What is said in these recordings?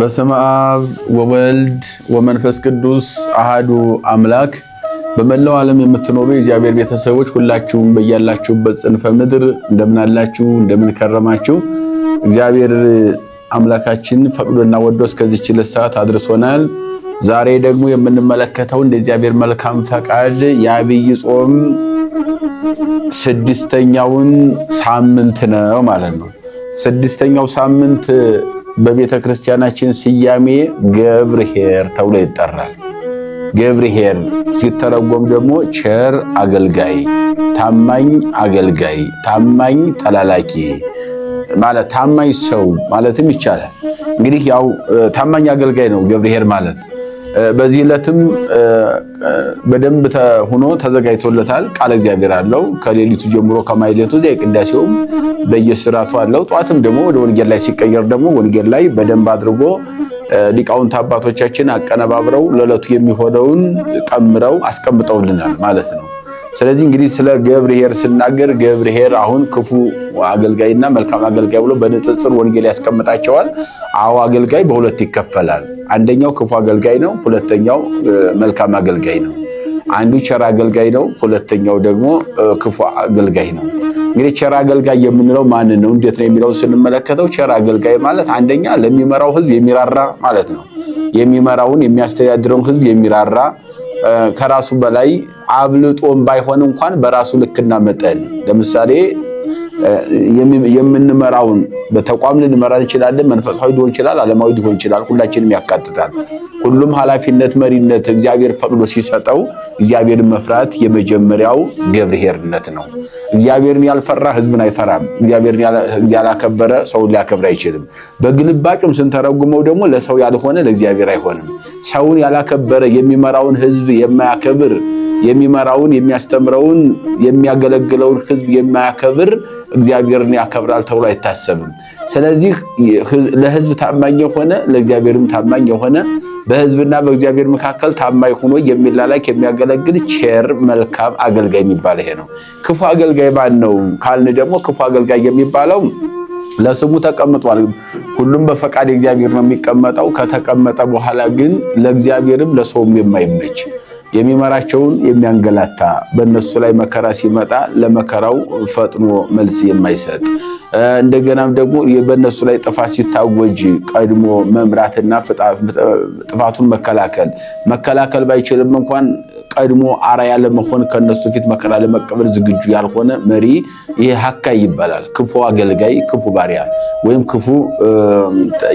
በስመ አብ ወወልድ ወመንፈስ ቅዱስ አሃዱ አምላክ። በመላው ዓለም የምትኖሩ የእግዚአብሔር ቤተሰቦች ሁላችሁም በያላችሁበት ጽንፈ ምድር እንደምናላችሁ እንደምንከረማችሁ እግዚአብሔር አምላካችን ፈቅዶና ወዶ እስከዚች ሰዓት አድርሶናል። ዛሬ ደግሞ የምንመለከተው እንደ እግዚአብሔር መልካም ፈቃድ የአብይ ጾም ስድስተኛውን ሳምንት ነው ማለት ነው። ስድስተኛው ሳምንት በቤተ ክርስቲያናችን ስያሜ ገብርሄር ተብሎ ይጠራል። ገብርሄር ሲተረጎም ደግሞ ቸር አገልጋይ፣ ታማኝ አገልጋይ፣ ታማኝ ተላላኪ ማለት ታማኝ ሰው ማለትም ይቻላል። እንግዲህ ያው ታማኝ አገልጋይ ነው ገብርሄር ማለት በዚህ ዕለትም በደንብ ሆኖ ተዘጋጅቶለታል። ቃለ እግዚአብሔር አለው ከሌሊቱ ጀምሮ ከማይሌቱ ቅዳሴውም በየስርዓቱ አለው። ጠዋትም ደግሞ ወደ ወንጌል ላይ ሲቀየር ደግሞ ወንጌል ላይ በደንብ አድርጎ ሊቃውንት አባቶቻችን አቀነባብረው ለዕለቱ የሚሆነውን ቀምረው አስቀምጠውልናል ማለት ነው። ስለዚህ እንግዲህ ስለ ገብርሄር ስናገር ገብርሄር አሁን ክፉ አገልጋይና መልካም አገልጋይ ብሎ በንጽጽር ወንጌል ያስቀምጣቸዋል። አዎ አገልጋይ በሁለት ይከፈላል። አንደኛው ክፉ አገልጋይ ነው፣ ሁለተኛው መልካም አገልጋይ ነው። አንዱ ቸራ አገልጋይ ነው፣ ሁለተኛው ደግሞ ክፉ አገልጋይ ነው። እንግዲህ ቸራ አገልጋይ የምንለው ማንን ነው፣ እንዴት ነው የሚለው ስንመለከተው ቸራ አገልጋይ ማለት አንደኛ ለሚመራው ሕዝብ የሚራራ ማለት ነው። የሚመራውን የሚያስተዳድረውን ሕዝብ የሚራራ ከራሱ በላይ አብልጦም ባይሆን እንኳን በራሱ ልክና መጠን ለምሳሌ የምንመራውን በተቋም ልንመራ እንችላለን። መንፈሳዊ ሊሆን ይችላል፣ ዓለማዊ ሊሆን ይችላል። ሁላችንም ያካትታል። ሁሉም ኃላፊነት መሪነት እግዚአብሔር ፈቅዶ ሲሰጠው እግዚአብሔርን መፍራት የመጀመሪያው ገብርሄርነት ነው። እግዚአብሔርን ያልፈራ ሕዝብን አይፈራም። እግዚአብሔርን ያላከበረ ሰውን ሊያከብር አይችልም። በግልባጭም ስንተረጉመው ደግሞ ለሰው ያልሆነ ለእግዚአብሔር አይሆንም። ሰውን ያላከበረ የሚመራውን ሕዝብ የማያከብር የሚመራውን የሚያስተምረውን የሚያገለግለውን ህዝብ የማያከብር እግዚአብሔርን ያከብራል ተብሎ አይታሰብም። ስለዚህ ለህዝብ ታማኝ የሆነ ለእግዚአብሔርም ታማኝ የሆነ በህዝብና በእግዚአብሔር መካከል ታማኝ ሆኖ የሚላላክ የሚያገለግል ቸር መልካም አገልጋይ የሚባል ይሄ ነው። ክፉ አገልጋይ ማን ነው ካልን ደግሞ ክፉ አገልጋይ የሚባለው ለስሙ ተቀምጧል። ሁሉም በፈቃድ እግዚአብሔር ነው የሚቀመጠው። ከተቀመጠ በኋላ ግን ለእግዚአብሔርም ለሰውም የማይመች የሚመራቸውን የሚያንገላታ በእነሱ ላይ መከራ ሲመጣ ለመከራው ፈጥኖ መልስ የማይሰጥ እንደገናም ደግሞ በእነሱ ላይ ጥፋት ሲታወጅ ቀድሞ መምራትና ጥፋቱን መከላከል መከላከል ባይችልም እንኳን ቀድሞ አራያ ለመሆን ከነሱ ፊት መከራ ለመቀበል ዝግጁ ያልሆነ መሪ ይሄ ሀካይ ይባላል። ክፉ አገልጋይ፣ ክፉ ባሪያ ወይም ክፉ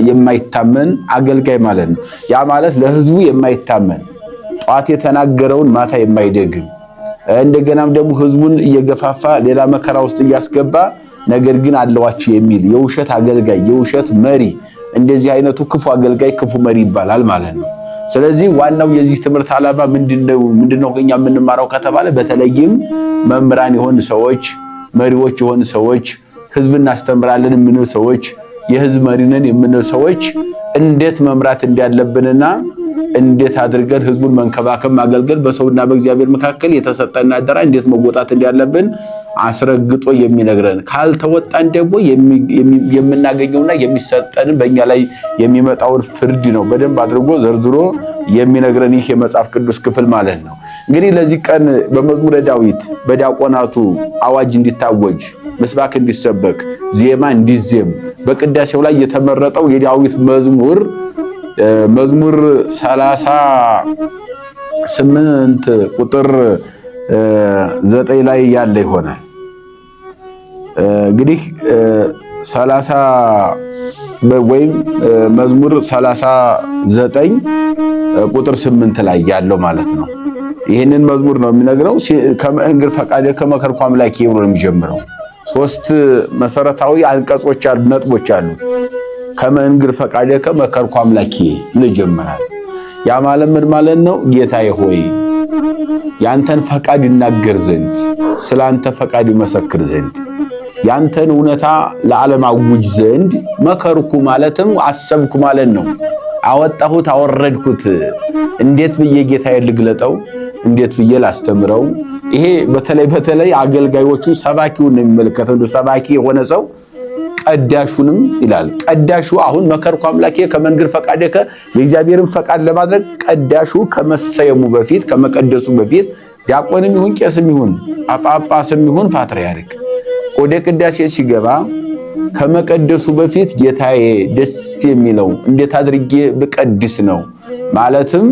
የማይታመን አገልጋይ ማለት ነው። ያ ማለት ለህዝቡ የማይታመን ጠዋት የተናገረውን ማታ የማይደግም እንደገናም ደግሞ ህዝቡን እየገፋፋ ሌላ መከራ ውስጥ እያስገባ ነገር ግን አለዋችሁ የሚል የውሸት አገልጋይ የውሸት መሪ፣ እንደዚህ አይነቱ ክፉ አገልጋይ ክፉ መሪ ይባላል ማለት ነው። ስለዚህ ዋናው የዚህ ትምህርት ዓላማ ምንድነው? ምንድነው እኛ የምንማረው ከተባለ በተለይም መምህራን የሆን ሰዎች፣ መሪዎች የሆን ሰዎች፣ ህዝብ እናስተምራለን የምንል ሰዎች የህዝብ መሪነን የምንል ሰዎች እንዴት መምራት እንዳለብንና እንዴት አድርገን ህዝቡን መንከባከብ፣ ማገልገል በሰውና በእግዚአብሔር መካከል የተሰጠና አደራ እንዴት መወጣት እንዳለብን አስረግጦ የሚነግረን ካልተወጣን ደግሞ የምናገኘውና የሚሰጠን በእኛ ላይ የሚመጣውን ፍርድ ነው በደንብ አድርጎ ዘርዝሮ የሚነግረን ይህ የመጽሐፍ ቅዱስ ክፍል ማለት ነው። እንግዲህ ለዚህ ቀን በመዝሙረ ዳዊት በዲያቆናቱ አዋጅ እንዲታወጅ ምስባክ እንዲሰበክ ዜማ እንዲዜም በቅዳሴው ላይ የተመረጠው የዳዊት መዝሙር መዝሙር 38 ቁጥር ዘጠኝ ላይ ያለ ይሆናል። እንግዲህ 30 ወይም መዝሙር 39 ቁጥር 8 ላይ ያለው ማለት ነው። ይህንን መዝሙር ነው የሚነግረው። ከመንግር ፈቃደ ከመከርኩ አምላኬ ብሎ ነው የሚጀምረው። ሶስት መሰረታዊ አንቀጾች አሉ፣ ነጥቦች አሉ። ከመንግር ፈቃደ ከመከርኩ አምላኬ ብሎ ይጀምራል። ያ ማለት ምን ማለት ነው? ጌታዬ ሆይ ያንተን ፈቃድ ይናገር ዘንድ ስለ አንተ ፈቃድ ይመሰክር ዘንድ ያንተን እውነታ ለዓለም አውጅ ዘንድ መከርኩ ማለትም አሰብኩ ማለት ነው። አወጣሁት፣ አወረድኩት። እንዴት ብዬ ጌታዬን ልግለጠው? እንዴት ብዬ ላስተምረው? ይሄ በተለይ በተለይ አገልጋዮቹ ሰባኪውን ነው የሚመለከተው። እንደ ሰባኪ የሆነ ሰው ቀዳሹንም ይላል። ቀዳሹ አሁን መከርኩ አምላኬ ከመንገድ ፈቃደ የእግዚአብሔርን ፈቃድ ለማድረግ ቀዳሹ ከመሰየሙ በፊት ከመቀደሱ በፊት ዲያቆንም ይሁን ቄስም ይሁን ጳጳስም ይሁን ፓትርያርክ ወደ ቅዳሴ ሲገባ ከመቀደሱ በፊት ጌታዬ ደስ የሚለው እንዴት አድርጌ ብቀድስ ነው ማለትም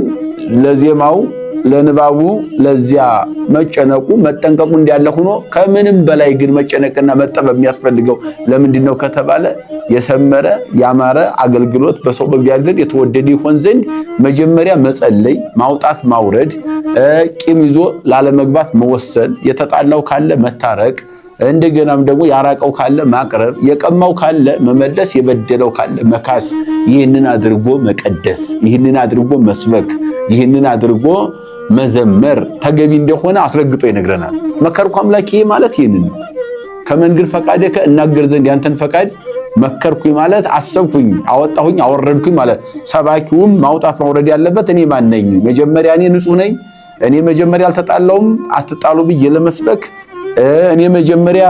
ለዜማው ለንባቡ ለዚያ መጨነቁ መጠንቀቁ እንዳለ ሆኖ ከምንም በላይ ግን መጨነቅና መጠበብ የሚያስፈልገው ለምንድን ነው ከተባለ የሰመረ ያማረ አገልግሎት በሰው በእግዚአብሔር ዘንድ የተወደደ ይሆን ዘንድ መጀመሪያ መጸለይ፣ ማውጣት፣ ማውረድ፣ ቂም ይዞ ላለመግባት መወሰን፣ የተጣላው ካለ መታረቅ እንደገናም ደግሞ ያራቀው ካለ ማቅረብ፣ የቀማው ካለ መመለስ፣ የበደለው ካለ መካስ፣ ይህንን አድርጎ መቀደስ፣ ይህንን አድርጎ መስበክ፣ ይህንን አድርጎ መዘመር ተገቢ እንደሆነ አስረግጦ ይነግረናል። መከርኩ አምላኬ ማለት ይህንን ነው። ከመንገድ ፈቃደ ከእናገር ዘንድ ያንተን ፈቃድ መከርኩኝ ማለት አሰብኩኝ፣ አወጣሁኝ፣ አወረድኩኝ ማለት። ሰባኪውም ማውጣት ማውረድ ያለበት እኔ ማን ነኝ? መጀመሪያ እኔ ንጹህ ነኝ፣ እኔ መጀመሪያ አልተጣላውም፣ አትጣሉ ብዬ ለመስበክ እኔ መጀመሪያ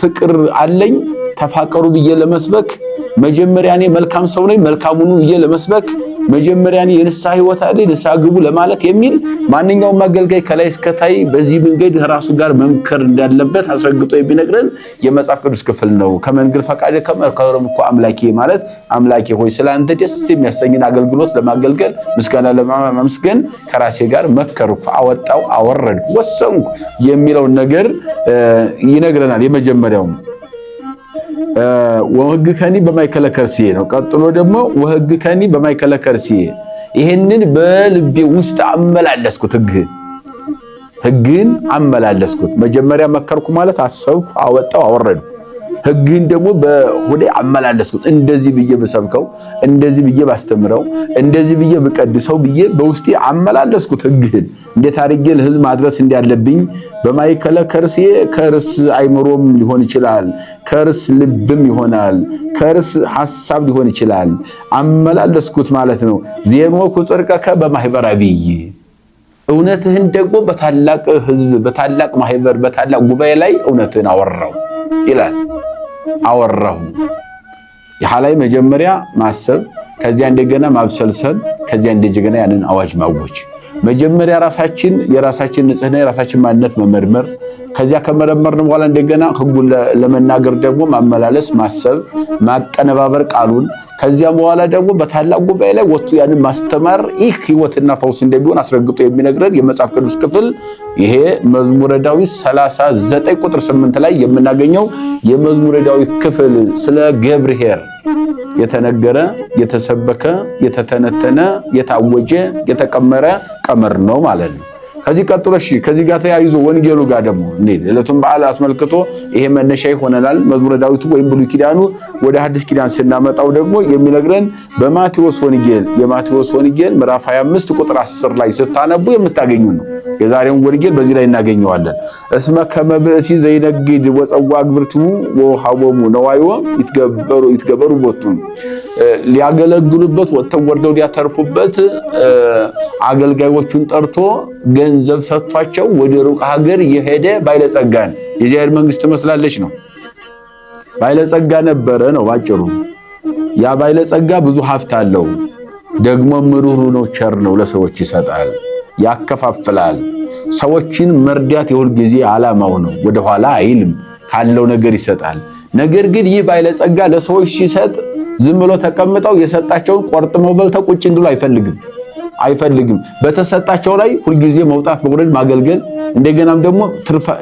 ፍቅር አለኝ ተፋቀሩ ብዬ ለመስበክ መጀመሪያ እኔ መልካም ሰው ነኝ መልካሙን ብዬ ለመስበክ መጀመሪያ የንስሐ ህይወት አለ ንስሐ ግቡ ለማለት የሚል ማንኛውም አገልጋይ ከላይ እስከታይ በዚህ መንገድ ራሱ ጋር መምከር እንዳለበት አስረግጦ የሚነግረን የመጽሐፍ ቅዱስ ክፍል ነው። ከመንግል ፈቃድ ከመርከሮም እኮ አምላኬ ማለት አምላኬ ሆይ ስለአንተ ደስ የሚያሰኝን አገልግሎት ለማገልገል ምስጋና ለማመስገን ከራሴ ጋር መከርኩ፣ አወጣው፣ አወረድኩ፣ ወሰንኩ የሚለውን ነገር ይነግረናል። የመጀመሪያውም ወህግ ከኒ በማይከለከር ነው። ቀጥሎ ደግሞ ወህግ ከኒ በማይከለከር ሲሄ ይህንን በልቤ ውስጥ አመላለስኩት። ህግ ህግን አመላለስኩት። መጀመሪያ መከርኩ ማለት አሰብኩ፣ አወጣው፣ አወረድኩ ህግህን ደግሞ በሆዴ አመላለስኩት። እንደዚህ ብዬ ብሰብከው፣ እንደዚህ ብዬ ባስተምረው፣ እንደዚህ ብዬ ብቀድሰው ብዬ በውስጤ አመላለስኩት ህግህን። እንዴት አድርጌ ለህዝብ ማድረስ እንዳለብኝ በማይከለ ከርሴ ከርስ አይምሮም ሊሆን ይችላል፣ ከርስ ልብም ይሆናል፣ ከርስ ሐሳብ ሊሆን ይችላል። አመላለስኩት ማለት ነው። ዜሞኩ ጽድቀከ በማህበር አብይ እውነትህን ደግሞ በታላቅ ህዝብ፣ በታላቅ ማህበር፣ በታላቅ ጉባኤ ላይ እውነትህን አወራው ይላል። አወራሁ። ይሃ ላይ መጀመሪያ ማሰብ፣ ከዚያ እንደገና ማብሰልሰል፣ ከዚያ እንደገና ያንን አዋጅ ማወጅ። መጀመሪያ ራሳችን የራሳችን ንጽህና የራሳችን ማንነት መመርመር፣ ከዚያ ከመረመርን በኋላ እንደገና ህጉን ለመናገር ደግሞ ማመላለስ፣ ማሰብ፣ ማቀነባበር ቃሉን ከዚያ በኋላ ደግሞ በታላቅ ጉባኤ ላይ ወጥቶ ያንን ማስተማር ይህ ህይወትና ፈውስ እንደሚሆን አስረግጦ የሚነግረን የመጽሐፍ ቅዱስ ክፍል ይሄ መዝሙረ ዳዊት 39 ቁጥር 8 ላይ የምናገኘው የመዝሙረ ዳዊት ክፍል ስለ ገብርሄር የተነገረ የተሰበከ የተተነተነ የታወጀ የተቀመረ ቀመር ነው ማለት ነው። ከዚህ ቀጥሎ እሺ፣ ከዚህ ጋር ተያይዞ ወንጌሉ ጋር ደግሞ እንዴ ዕለቱን በዓል አስመልክቶ ይሄ መነሻ ይሆነናል። መዝሙረ ዳዊቱ ወይም ብሉይ ኪዳኑ ወደ ሐዲስ ኪዳን ስናመጣው ደግሞ የሚነግረን በማቴዎስ ወንጌል የማቴዎስ ወንጌል ምዕራፍ 25 ቁጥር 10 ላይ ስታነቡ የምታገኙ ነው። የዛሬውን ወንጌል በዚህ ላይ እናገኘዋለን። እስመ ከመብእሲ ዘይነግድ ወፀዋ ግብርቱ ወሃቦሙ ነዋይዎ ይትገበሩ ይትገበሩ ቦቱ ሊያገለግሉበት ወጥተው ወርደው ሊያተርፉበት አገልጋዮቹን ጠርቶ ገንዘብ ገንዘብ ሰጥቷቸው ወደ ሩቅ ሀገር የሄደ ባይለጸጋን የእግዚአብሔር መንግስት ትመስላለች ነው። ባይለጸጋ ነበረ ነው ባጭሩ። ያ ባይለጸጋ ብዙ ሀብት አለው። ደግሞ ምሩሩ ነው፣ ቸር ነው፣ ለሰዎች ይሰጣል፣ ያከፋፍላል። ሰዎችን መርዳት የሁል ጊዜ አላማው ነው። ወደኋላ አይልም፣ ካለው ነገር ይሰጣል። ነገር ግን ይህ ባይለጸጋ ለሰዎች ሲሰጥ ዝም ብሎ ተቀምጠው የሰጣቸውን ቆርጥመው በልተው ቁጭ እንዲሉ አይፈልግም። አይፈልግም። በተሰጣቸው ላይ ሁልጊዜ መውጣት መውረድ፣ ማገልገል እንደገናም ደግሞ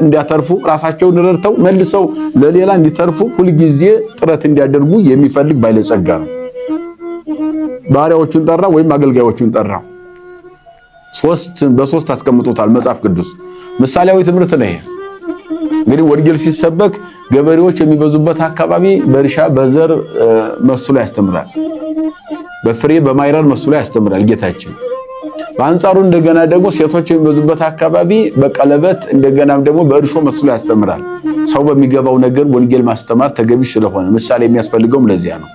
እንዲያተርፉ ራሳቸውን ረድተው መልሰው ለሌላ እንዲተርፉ ሁልጊዜ ጥረት እንዲያደርጉ የሚፈልግ ባለጸጋ ነው። ባሪያዎቹን ጠራ ወይም አገልጋዮቹን ጠራ። ሶስት በሶስት አስቀምጦታል መጽሐፍ ቅዱስ። ምሳሌያዊ ትምህርት ነው ይሄ። እንግዲህ ወንጌል ሲሰበክ ገበሬዎች የሚበዙበት አካባቢ በእርሻ በዘር መስሎ ያስተምራል። በፍሬ በማይረር መስሎ ያስተምራል ጌታችን። በአንጻሩ እንደገና ደግሞ ሴቶች የሚበዙበት አካባቢ በቀለበት እንደገናም ደግሞ በእርሾ መስሎ ያስተምራል። ሰው በሚገባው ነገር ወንጌል ማስተማር ተገቢ ስለሆነ ምሳሌ የሚያስፈልገውም ለዚያ ነው።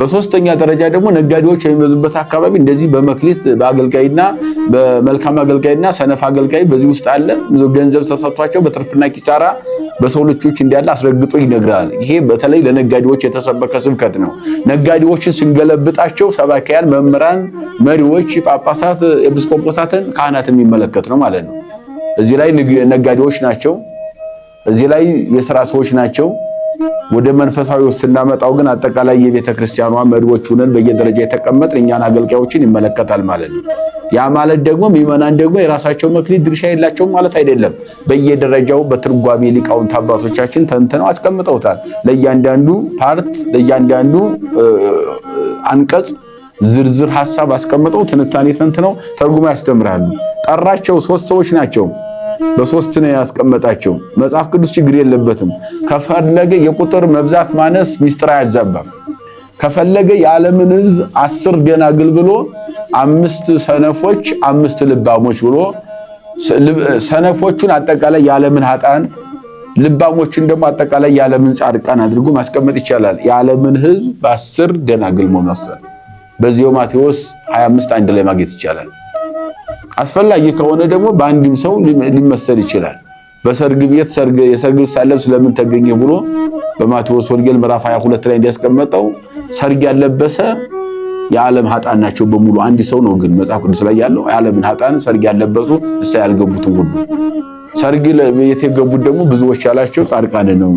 በሶስተኛ ደረጃ ደግሞ ነጋዴዎች የሚበዙበት አካባቢ እንደዚህ በመክሊት በአገልጋይና በመልካም አገልጋይና ሰነፍ አገልጋይ በዚህ ውስጥ አለ። ገንዘብ ተሰጥቷቸው በትርፍና ኪሳራ በሰው ልጆች እንዳለ አስረግጦ ይነግራል። ይሄ በተለይ ለነጋዴዎች የተሰበከ ስብከት ነው። ነጋዴዎችን ስንገለብጣቸው ሰባኪያን፣ መምህራን፣ መሪዎች፣ ጳጳሳት፣ ኤጲስቆጶሳትን፣ ካህናት የሚመለከት ነው ማለት ነው። እዚህ ላይ ነጋዴዎች ናቸው። እዚህ ላይ የስራ ሰዎች ናቸው። ወደ መንፈሳዊ ስናመጣው ግን አጠቃላይ የቤተ ክርስቲያኗ መሪዎች በየደረጃ የተቀመጥ እኛን አገልጋዮችን ይመለከታል ማለት ነው። ያ ማለት ደግሞ ምዕመናን ደግሞ የራሳቸው መክሊት ድርሻ የላቸውም ማለት አይደለም። በየደረጃው በትርጓሜ ሊቃውንት አባቶቻችን ተንትነው አስቀምጠውታል። ለእያንዳንዱ ፓርት ለእያንዳንዱ አንቀጽ ዝርዝር ሀሳብ አስቀምጠው ትንታኔ ተንትነው ተርጉማ ያስተምራሉ። ጠራቸው ሶስት ሰዎች ናቸው። በሶስት ነው ያስቀመጣቸው። መጽሐፍ ቅዱስ ችግር የለበትም። ከፈለገ የቁጥር መብዛት ማነስ ሚስጥር አያዛባም። ከፈለገ የዓለምን ሕዝብ አስር ደናግል ብሎ አምስት ሰነፎች አምስት ልባሞች ብሎ ሰነፎቹን አጠቃላይ የዓለምን ሀጣን ልባሞችን ደግሞ አጠቃላይ የዓለምን ጻድቃን አድርጎ ማስቀመጥ ይቻላል። የዓለምን ሕዝብ በአስር ደናግል መመሰል በዚሁ ማቴዎስ 25 አንድ ላይ ማግኘት ይቻላል። አስፈላጊ ከሆነ ደግሞ በአንድም ሰው ሊመሰል ይችላል። በሰርግ ቤት ሰርግ የሰርግ ሳለብስ ለምን ተገኘ ብሎ በማቴዎስ ወንጌል ምዕራፍ 22 ላይ እንዲያስቀመጠው ሰርግ ያለበሰ የዓለም ሀጣን ናቸው በሙሉ አንድ ሰው ነው ግን መጽሐፍ ቅዱስ ላይ ያለው የዓለምን ሀጣን ሰርግ ያለበሱ እሳ ያልገቡትን ሁሉ ሰርግ የተገቡት ደግሞ ብዙዎች ያላቸው ጻድቃን ነው።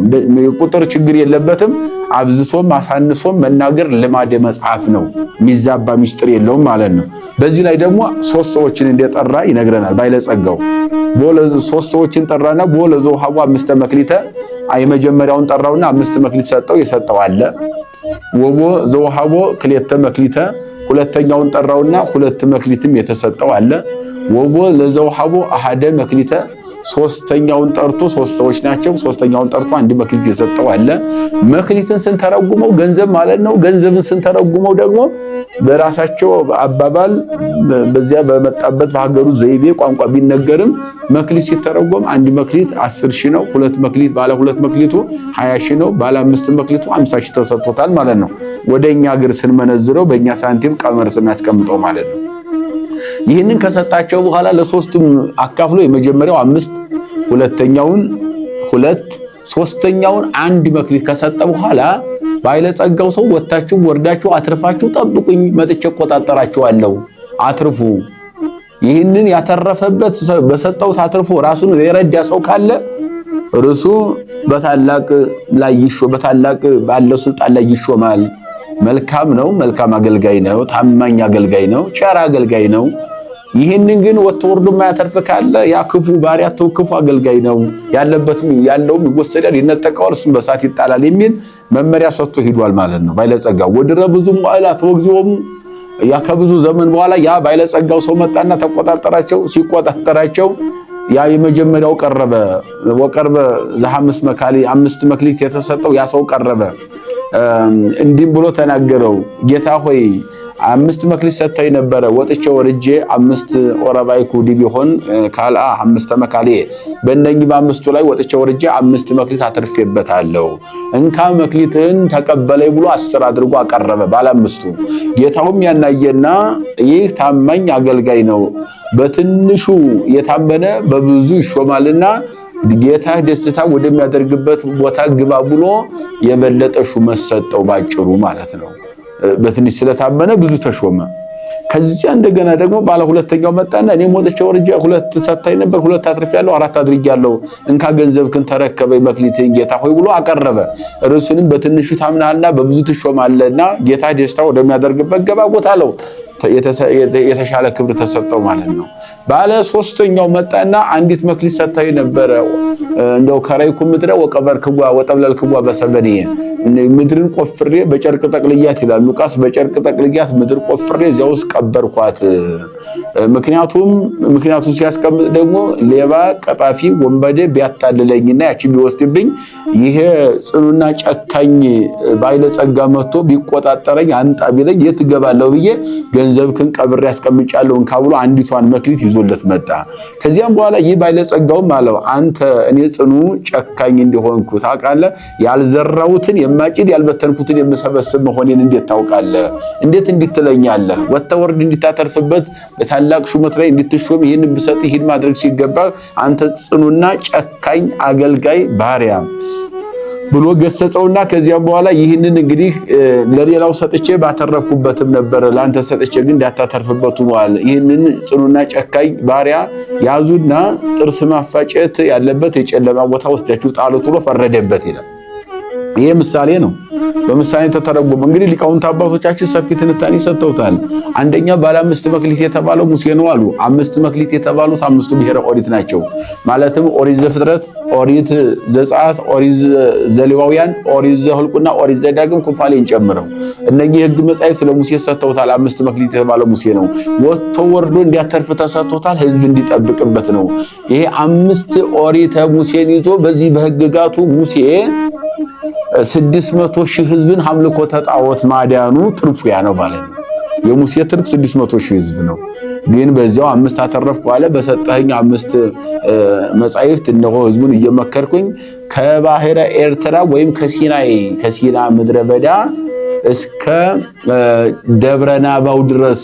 ቁጥር ችግር የለበትም። አብዝቶም አሳንሶም መናገር ልማደ መጽሐፍ ነው። የሚዛባ ሚስጥር የለውም ማለት ነው። በዚህ ላይ ደግሞ ሶስት ሰዎችን እንደጠራ ይነግረናል። ባይለጸጋው ሶስት ሰዎችን ጠራና ቦለ ዘውሃቡ አምስተ መክሊተ የመጀመሪያውን ጠራውና አምስት መክሊት ሰጠው፣ የሰጠው አለ። ወቦ ዘውሃቦ ክሌተ መክሊተ ሁለተኛውን ጠራውና ሁለት መክሊትም የተሰጠው አለ። ወቦ ለዘውሃቦ አሃደ መክሊተ ሶስተኛውን ጠርቶ ሶስት ሰዎች ናቸው። ሶስተኛውን ጠርቶ አንድ መክሊት የሰጠው አለ። መክሊትን ስንተረጉመው ገንዘብ ማለት ነው። ገንዘብን ስንተረጉመው ደግሞ በራሳቸው አባባል በዚያ በመጣበት በሀገሩ ዘይቤ ቋንቋ ቢነገርም መክሊት ሲተረጎም አንድ መክሊት አስር ሺ ነው። ሁለት መክሊት ባለ ሁለት መክሊቱ ሀያ ሺ ነው። ባለ አምስት መክሊቱ አምሳ ሺ ተሰጥቶታል ማለት ነው። ወደ እኛ ሀገር ስንመነዝረው በእኛ ሳንቲም ቀመር ስናስቀምጠው ማለት ነው። ይህንን ከሰጣቸው በኋላ ለሶስቱም አካፍሎ የመጀመሪያው አምስት፣ ሁለተኛውን ሁለት፣ ሶስተኛውን አንድ መክሊት ከሰጠ በኋላ ባለጸጋው ሰው ወታችሁ ወርዳችሁ አትርፋችሁ ጠብቁኝ፣ መጥቼ እቆጣጠራችኋለሁ፣ አትርፉ። ይህንን ያተረፈበት በሰጠው አትርፎ ራሱን የረዳ ሰው ካለ እርሱ በታላቅ ላይ በታላቅ ባለው ስልጣን ላይ ይሾማል። መልካም ነው። መልካም አገልጋይ ነው። ታማኝ አገልጋይ ነው። ቸር አገልጋይ ነው። ይህንን ግን ወጥቶ ወርዶ የማያተርፍ ካለ ያ ክፉ ባሪያ ክፉ አገልጋይ ነው፣ ያለበት ያለውም ይወሰዳል፣ ይነጠቀዋል፣ እሱም በሳት ይጣላል የሚል መመሪያ ሰጥቶ ሂዷል ማለት ነው። ባይለጸጋ ወድረ ብዙ ሟላት ወግዚኦም ያ ከብዙ ዘመን በኋላ ያ ባይለጸጋው ሰው መጣና ተቆጣጠራቸው። ሲቆጣጠራቸው ያ የመጀመሪያው ቀረበ ወቀርበ ዘሐምስ መካሊ አምስት መክሊት የተሰጠው ያ ሰው ቀረበ፣ እንዲህም ብሎ ተናገረው ጌታ ሆይ አምስት መክሊት ሰጥተኝ ነበረ ወጥቼ ወርጄ አምስት ኦረባይ ኩዲ ቢሆን ካልአ አምስተ መካሌ በእነኚህ በአምስቱ ላይ ወጥቼ ወርጄ አምስት መክሊት አትርፌበታለሁ። እንካ መክሊትህን ተቀበለኝ ብሎ አስር አድርጎ አቀረበ ባለ አምስቱ። ጌታውም ያናየና ይህ ታማኝ አገልጋይ ነው፣ በትንሹ የታመነ በብዙ ይሾማልና ጌታ ደስታ ወደሚያደርግበት ቦታ ግባ ብሎ የበለጠ ሹመት ሰጠው ባጭሩ ማለት ነው። በትንሽ ስለታመነ ብዙ ተሾመ። ከዚያ እንደገና ደግሞ ባለ ሁለተኛው መጣና እኔ ሞተቸው ወርጃ ሁለት ሰታኝ ነበር፣ ሁለት አትርፍ ያለው አራት ያለው እንካ ገንዘብክን ተረከበ መክሊትህን ጌታ ሆይ ብሎ አቀረበ። እርሱንም በትንሹ ታምናልና በብዙ ትሾማለህና ጌታ ደስታ ወደሚያደርግበት ገባ ቦታ አለው። የተሻለ ክብር ተሰጠው ማለት ነው። ባለ ሶስተኛው መጣና አንዲት መክሊት ሰጥታኝ ነበረ። እንደው ከራይኩ ምድረ ወቀበር ክቧ ወጠብለል ክቧ በሰበንየ ምድርን ቆፍሬ በጨርቅ ጠቅልያት ይላል ሉቃስ። በጨርቅ ጠቅልያት ምድር ቆፍሬ እዚያ ውስጥ ቀበርኳት። ምክንያቱም ምክንያቱም ሲያስቀምጥ ደግሞ ሌባ፣ ቀጣፊ፣ ወንበዴ ቢያታልለኝና ያቺ ቢወስድብኝ ይሄ ጽኑና ጨካኝ ባለጸጋ መጥቶ ቢቆጣጠረኝ አንጣ ቢለኝ የት እገባለሁ ብዬ ገንዘብክን ቀብሬ ያስቀምጫለሁ እንካ ብሎ አንዲቷን መክሊት ይዞለት መጣ። ከዚያም በኋላ ይህ ባለጸጋውም አለው አንተ እኔ ጽኑ ጨካኝ እንደሆንኩ ታውቃለህ። ያልዘራሁትን የማጭድ ያልበተንኩትን የምሰበስብ መሆኔን እንዴት ታውቃለህ? እንዴት እንዲህ ወጥተህ ወርድ እንዲታተርፍበት በታላቅ ሹመት ላይ እንድትሾም ይህን ብሰጥ ይህን ማድረግ ሲገባ አንተ ጽኑና ጨካኝ አገልጋይ ባሪያ ብሎ ገሰጸውና ከዚያም በኋላ ይህንን እንግዲህ ለሌላው ሰጥቼ ባተረፍኩበትም ነበር፣ ለአንተ ሰጥቼ ግን እንዳታተርፍበት ሆኗል። ይህንን ጽኑና ጨካኝ ባሪያ ያዙና ጥርስ ማፋጨት ያለበት የጨለማ ቦታ ወስዳችሁ ጣሉት ብሎ ፈረደበት ይላል። ይሄ ምሳሌ ነው። በምሳሌ ተተረጎመ። እንግዲህ ሊቃውንት አባቶቻችን ሰፊ ትንታኔ ሰጥተውታል። አንደኛ ባለ አምስት መክሊት የተባለው ሙሴ ነው አሉ። አምስት መክሊት የተባሉት አምስቱ ብሔረ ኦሪት ናቸው። ማለትም ኦሪት ዘፍጥረት፣ ኦሪት ዘጸአት፣ ኦሪት ዘሌዋውያን፣ ኦሪት ዘሁልቁና ኦሪት ዘዳግም ኩፋሌን ጨምረው እነኚህ ህግ መጻሕፍት ስለ ሙሴ ሰጥተውታል። አምስት መክሊት የተባለው ሙሴ ነው። ወጥቶ ወርዶ እንዲያተርፍ ተሰጥቶታል። ህዝብ እንዲጠብቅበት ነው። ይሄ አምስት ኦሪተ ሙሴን ይዞ በዚህ በህግጋቱ ሙሴ ስድስት መቶ ሺህ ህዝብን አምልኮተ ጣዖት ማዳኑ ትርፉ ያ ነው ማለት ነው። የሙሴ ትርፍ ስድስት መቶ ሺህ ህዝብ ነው። ግን በዚያው አምስት አተረፍኩ አለ። በሰጠኸኝ አምስት መጻሕፍት እነሆ ህዝቡን እየመከርኩኝ ከባህረ ኤርትራ ወይም ከሲናይ ከሲና ምድረ በዳ እስከ ደብረ ናባው ድረስ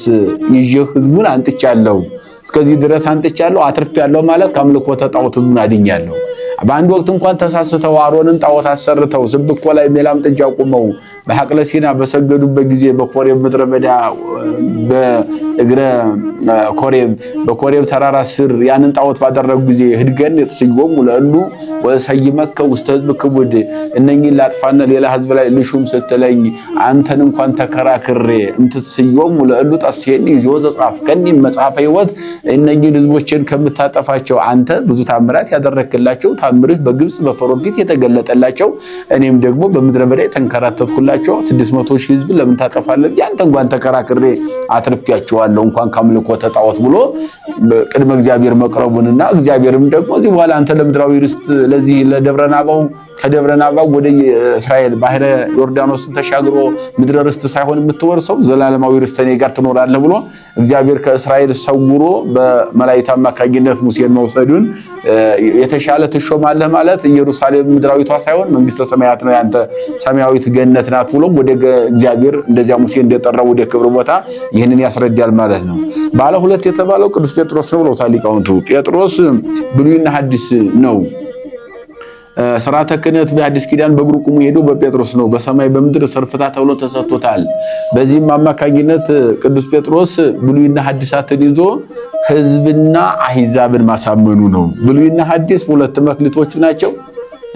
ይዤ ህዝቡን አንጥቻለሁ። እስከዚህ ድረስ አንጥቻለሁ፣ አትርፍ ያለው ማለት ከአምልኮ ጣዖት ህዝቡን አድኛለሁ። በአንድ ወቅት እንኳን ተሳስተው አሮንን ጣዖት አሰርተው ስብኮ ላይ ሜላም ጥጃ ቁመው በሐቅለ ሲና በሰገዱበት ጊዜ በኮሬብ ምድረ በዳ በእግረ ኮሬብ በኮሬብ ተራራ ስር ያንን ጣዖት ባደረጉ ጊዜ ህድገን ስጎሙ ለእሉ ወሰይመከ ውስተ ህዝብ ክቡድ እነኝን ላጥፋነ ሌላ ህዝብ ላይ ልሹም ስትለኝ አንተን እንኳን ተከራክሬ እምትስዮሙ ለእሉ ጠሴኒ ዚዮ ከኒ መጽሐፈ ሕይወት እነኝን ህዝቦችን ከምታጠፋቸው አንተ ብዙ ታምራት ያደረክላቸው ተአምርህ በግብፅ በፈሮን ፊት የተገለጠላቸው እኔም ደግሞ በምድረ በዳ የተንከራተትኩላቸው 600 ሺህ ህዝብ ለምን ታጠፋለህ? ያንተ እንኳን ተከራክሬ አትርፊያቸዋለሁ እንኳን ከምልኮ ተጣወት ብሎ ቅድመ እግዚአብሔር መቅረቡንና እግዚአብሔርም ደግሞ እዚህ በኋላ አንተ ለምድራዊ ርስት ለዚህ ለደብረናባው ከደብረናባው ወደ እስራኤል ባህረ ዮርዳኖስን ተሻግሮ ምድረ ርስት ሳይሆን የምትወርሰው ዘላለማዊ ርስት እኔ ጋር ትኖራለህ ብሎ እግዚአብሔር ከእስራኤል ሰውሮ በመላእክት አማካኝነት ሙሴን መውሰዱን የተሻለ ትሾ ትጠቀማለህ ማለት ኢየሩሳሌም ምድራዊቷ ሳይሆን መንግስተ ሰማያት ነው ያንተ ሰማያዊት ገነት ናት ብሎም ወደ እግዚአብሔር እንደዚያ ሙሴ እንደጠራው ወደ ክብር ቦታ ይህንን ያስረዳል ማለት ነው። ባለ ሁለት የተባለው ቅዱስ ጴጥሮስ ነው ብለውታል ሊቃውንቱ። ጴጥሮስ ብሉይና ሐዲስ ነው። ስርዓተ ክህነት በአዲስ ኪዳን በእግሩ ቁሙ ሄዶ በጴጥሮስ ነው። በሰማይ በምድር ሰርፍታ ተብሎ ተሰጥቶታል። በዚህም አማካኝነት ቅዱስ ጴጥሮስ ብሉይና ሐዲሳትን ይዞ ህዝብና አሂዛብን ማሳመኑ ነው። ብሉይና ሐዲስ ሁለት መክሊቶች ናቸው።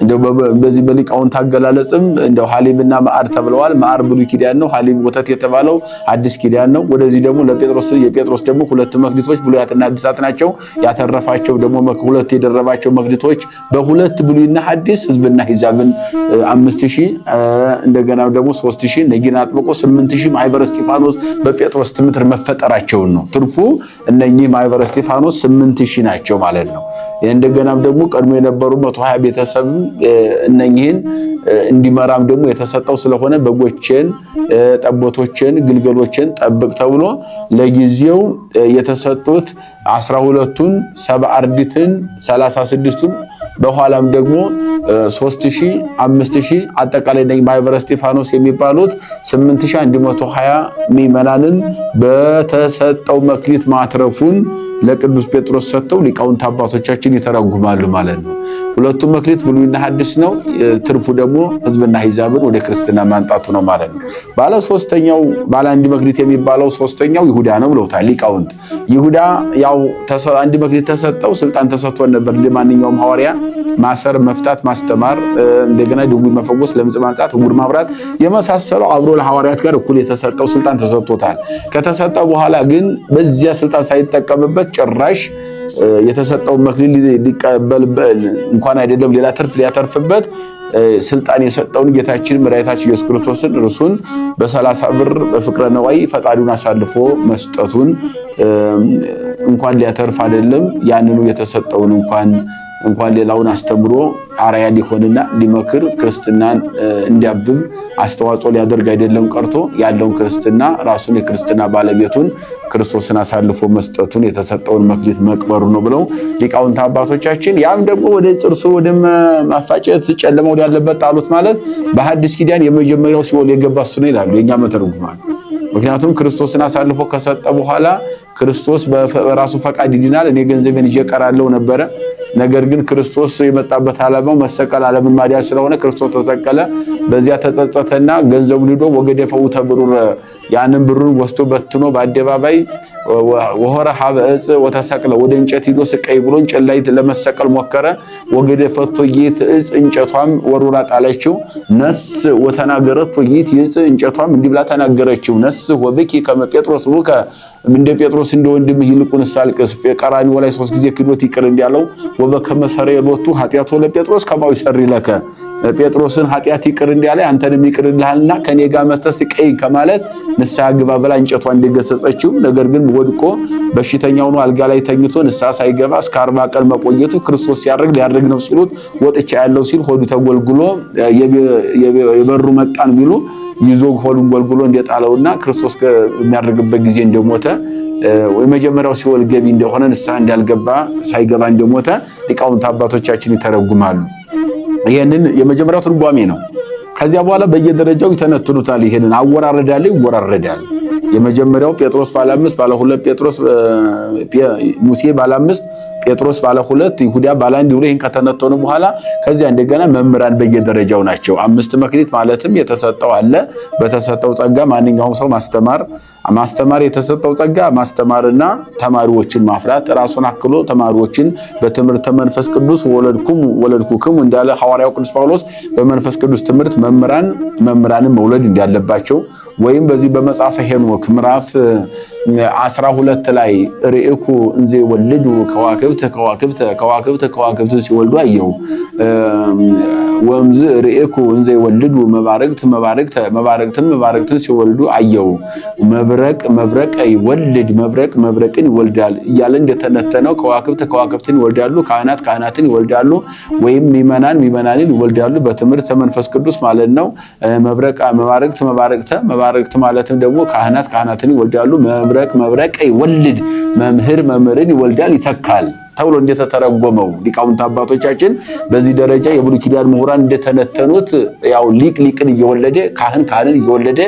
እንደው በዚህ በሊቃውንት አገላለጽም እንደው ሐሊምና መዓር ተብለዋል። መዓር ብሉይ ኪዳን ነው። ሐሊም ወተት የተባለው አዲስ ኪዳን ነው። ወደዚህ ደግሞ ለጴጥሮስ የጴጥሮስ ደግሞ ሁለቱ መክሊቶች ብሉያትና አዲሳት ናቸው። ያተረፋቸው ደግሞ ሁለት የደረባቸው መክሊቶች በሁለት ብሉይና አዲስ ህዝብና ሂዛብን አምስት ሺህ እንደገና ደግሞ ሶስት ሺህ ነጊና አጥብቆ ስምንት ሺህ ማይበረ እስጢፋኖስ በጴጥሮስ ትምትር መፈጠራቸውን ነው። ትርፉ እነኚህ ማይበረ እስጢፋኖስ ስምንት ሺህ ናቸው ማለት ነው። እንደገናም ደግሞ ቀድሞ የነበሩ መቶ ሀያ ቤተሰብም እነኚህን እንዲመራም ደግሞ የተሰጠው ስለሆነ በጎችን፣ ጠቦቶችን፣ ግልገሎችን ጠብቅ ተብሎ ለጊዜው የተሰጡት አስራ ሁለቱን ሰባ አርድእትን ሰላሳ ስድስቱን በኋላም ደግሞ ሶስት ሺህ አምስት ሺህ አጠቃላይ ነ ማህበረ እስጢፋኖስ የሚባሉት ስምንት ሺ አንድ መቶ ሀያ ምዕመናንን በተሰጠው መክሊት ማትረፉን ለቅዱስ ጴጥሮስ ሰጥተው ሊቃውንት አባቶቻችን ይተረጉማሉ ማለት ነው። ሁለቱም መክሊት ብሉይና ሐዲስ ነው። ትርፉ ደግሞ ህዝብና ሂዛብን ወደ ክርስትና ማንጣቱ ነው ማለት ነው። ባለ ሶስተኛው ባለ አንድ መክሊት የሚባለው ሶስተኛው ይሁዳ ነው ብለውታል ሊቃውንት። ይሁዳ ያው አንድ መክሊት ተሰጠው ስልጣን ተሰጥቶን ነበር እንደ ማንኛውም ሐዋርያ ማሰር፣ መፍታት፣ ማስተማር፣ እንደገና ድውይ መፈወስ፣ ለምጽ ማንጻት፣ ዕውር ማብራት የመሳሰለው አብሮ ለሐዋርያት ጋር እኩል የተሰጠው ስልጣን ተሰጥቶታል። ከተሰጠ በኋላ ግን በዚያ ስልጣን ሳይጠቀምበት ጭራሽ የተሰጠውን መክሊል ሊቀበል እንኳን አይደለም ሌላ ትርፍ ሊያተርፍበት ስልጣን የሰጠውን ጌታችን መድኃኒታችን ኢየሱስ ክርስቶስን እርሱን በሰላሳ ብር በፍቅረ ነዋይ ፈጣሪውን አሳልፎ መስጠቱን እንኳን ሊያተርፍ አይደለም ያንኑ የተሰጠውን እንኳን እንኳን ሌላውን አስተምሮ አርአያ ሊሆንና ሊመክር ክርስትናን እንዲያብብ አስተዋጽኦ ሊያደርግ አይደለም ቀርቶ ያለውን ክርስትና ራሱን የክርስትና ባለቤቱን ክርስቶስን አሳልፎ መስጠቱን የተሰጠውን መክሊት መቅበሩ ነው ብለው ሊቃውንት አባቶቻችን። ያም ደግሞ ወደ ጥርሱ ወደ ማፋጨት ጨለመው ያለበት ጣሉት ማለት በሐዲስ ኪዳን የመጀመሪያው ሲኦል የገባ እሱ ነው ይላሉ የእኛ መተርጉማል። ምክንያቱም ክርስቶስን አሳልፎ ከሰጠ በኋላ ክርስቶስ በራሱ ፈቃድ ይድናል፣ እኔ ገንዘቤን ይዤ እቀራለሁ ነበረ። ነገር ግን ክርስቶስ የመጣበት ዓላማው መሰቀል ዓለምን ማዳን ስለሆነ ክርስቶስ ተሰቀለ። በዚያ ተጸጸተና ገንዘቡን ሂዶ ወገደፈው ተብሩር ያንን ብሩን ወስዶ በትኖ በአደባባይ ወሆረ ሀበ ዕፅ ወተሰቅለ ወደ እንጨት ሂዶ ስቀይ ብሎ እንጨት ላይ ለመሰቀል ሞከረ። ወገደፈቶ ይት እጽ እንጨቷም ወሩራ ጣለችው። ነስ ወተናገረቶ ይት ዕፅ እንጨቷም እንዲብላ ተናገረችው ነስ ወብኪ ከመ ጴጥሮስ ውከ እንደ ጴጥሮስ እንደ ወንድምህ ይልቁን አልቅስ። ቀራንዮ ላይ ሶስት ጊዜ ክዶት ይቅር እንዲያለው ወበከመ ሰረየ ሎቱ ኃጢአቶ ለጴጥሮስ ከማሁ ይሰሪ ለከ፣ ጴጥሮስን ኃጢአት ይቅር እንዲያለ አንተንም ይቅር ይልሃልና ከኔ ጋር መተስ ቀይን ከማለት ንስሐ ግባ ብላ እንጨቷ እንደገሰጸችው፣ ነገር ግን ወድቆ በሽተኛው ነው አልጋ ላይ ተኝቶ ንስሐ ሳይገባ እስከ አርባ ቀን መቆየቱ ክርስቶስ ሲያደርግ ሊያደርግ ነው ሲሉት ወጥቻ ያለው ሲል ሆዱ ተጎልጉሎ የበሩ መቃን ቢሉ ይዞ ሆዱን ጎልጉሎ እንደጣለውና ክርስቶስ በሚያደርግበት ጊዜ እንደሞተ የመጀመሪያው ሲወል ገቢ እንደሆነ ንስሐ እንዳልገባ ሳይገባ እንደሞተ ሊቃውንት አባቶቻችን ይተረጉማሉ። ይህንን የመጀመሪያው ትርጓሜ ነው። ከዚያ በኋላ በየደረጃው ይተነትኑታል። ይሄንን አወራረዳለ ይወራረዳል። የመጀመሪያው ጴጥሮስ ባለ አምስት፣ ባለ ሁለት ጴጥሮስ ሙሴ ባለ አምስት ጴጥሮስ ባለ ሁለት ይሁዳ ባለ አንድ ብሎ ይህን ከተነተኑ በኋላ ከዚያ እንደገና መምህራን በየደረጃው ናቸው። አምስት መክሊት ማለትም የተሰጠው አለ። በተሰጠው ጸጋ ማንኛውም ሰው ማስተማር ማስተማር የተሰጠው ጸጋ ማስተማርና ተማሪዎችን ማፍራት ራሱን አክሎ ተማሪዎችን በትምህርተ መንፈስ ቅዱስ ወለድኩም ወለድኩክም እንዳለ ሐዋርያው ቅዱስ ጳውሎስ በመንፈስ ቅዱስ ትምህርት መምህራን መምህራንን መውለድ እንዳለባቸው ወይም በዚህ በመጽሐፈ ሄኖክ ምዕራፍ አስራ ሁለት ላይ ርኢኩ እንዘ ወልዱ ከዋክብት ከዋክብት ከዋክብት ከዋክብት ሲወልዱ አየሁ። ወምዝ ርኢኩ እንዘ ወልዱ መባረቅት መባረቅት መባረቅትም መባረቅትን ሲወልዱ አየሁ። መብረቅ መብረቅ ይወልድ መብረቅ መብረቅን ይወልዳል እያለ እንደተነተነው ከዋክብት ከዋክብትን ይወልዳሉ፣ ካህናት ካህናትን ይወልዳሉ፣ ወይም ሚመናን ሚመናንን ይወልዳሉ። በትምህርት መንፈስ ቅዱስ ማለት ነው። መብረቅ መባረቅት መባረቅተ መባረቅት ማለትም ደግሞ ካህናት ካህናትን ይወልዳሉ መብረቅ መብረቅ ይወልድ መምህር መምህርን ይወልዳል ይተካል። ተብሎ እንደተተረጎመው ሊቃውንት አባቶቻችን በዚህ ደረጃ የብሉይ ኪዳን ምሁራን እንደተነተኑት ያው ሊቅ ሊቅን እየወለደ ካህን ካህንን እየወለደ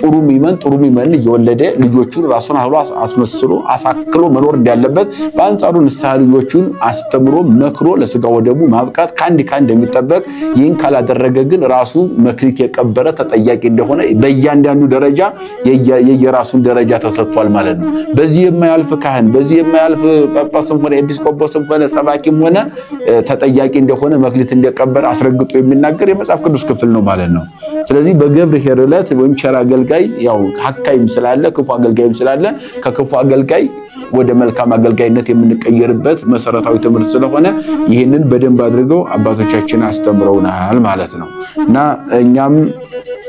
ጥሩ ሚመን ጥሩ ሚመን እየወለደ ልጆቹን ራሱን አህሎ አስመስሎ አሳክሎ መኖር እንዳለበት፣ በአንጻሩ ንስሐ ልጆቹን አስተምሮ መክሮ ለስጋ ወደሙ ማብቃት ከአንድ ከአንድ የሚጠበቅ ይህን ካላደረገ ግን ራሱ መክሊት የቀበረ ተጠያቂ እንደሆነ በእያንዳንዱ ደረጃ የየራሱን ደረጃ ተሰጥቷል ማለት ነው። በዚህ የማያልፍ ካህን በዚህ የማያልፍ ጳጳስም ሆነ ኤጲስቆጶስም ሆነ ሰባኪም ሆነ ተጠያቂ እንደሆነ መክሊት እንደቀበረ አስረግጦ የሚናገር የመጽሐፍ ቅዱስ ክፍል ነው ማለት ነው። ስለዚህ በገብርኄር ዕለት ወይም ቸር አገልጋይ ያው ሀካይም ስላለ ክፉ አገልጋይም ስላለ ከክፉ አገልጋይ ወደ መልካም አገልጋይነት የምንቀየርበት መሰረታዊ ትምህርት ስለሆነ ይህንን በደንብ አድርገው አባቶቻችን አስተምረውናል ማለት ነው እና እኛም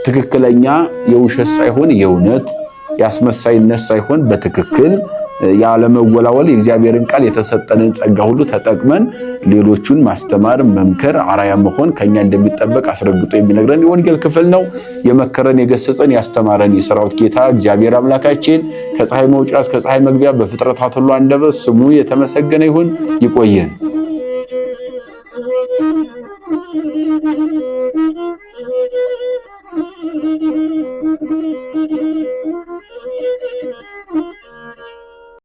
ትክክለኛ የውሸት ሳይሆን የእውነት የአስመሳይነት ሳይሆን በትክክል ያለመወላወል የእግዚአብሔርን ቃል የተሰጠንን ጸጋ ሁሉ ተጠቅመን ሌሎቹን ማስተማር፣ መምከር፣ አራያ መሆን ከኛ እንደሚጠበቅ አስረግጦ የሚነግረን የወንጌል ክፍል ነው። የመከረን፣ የገሰጸን፣ ያስተማረን የሰራዊት ጌታ እግዚአብሔር አምላካችን ከፀሐይ መውጫ እስከ ፀሐይ መግቢያ በፍጥረታት ሁሉ አንደበት ስሙ የተመሰገነ ይሁን። ይቆየን።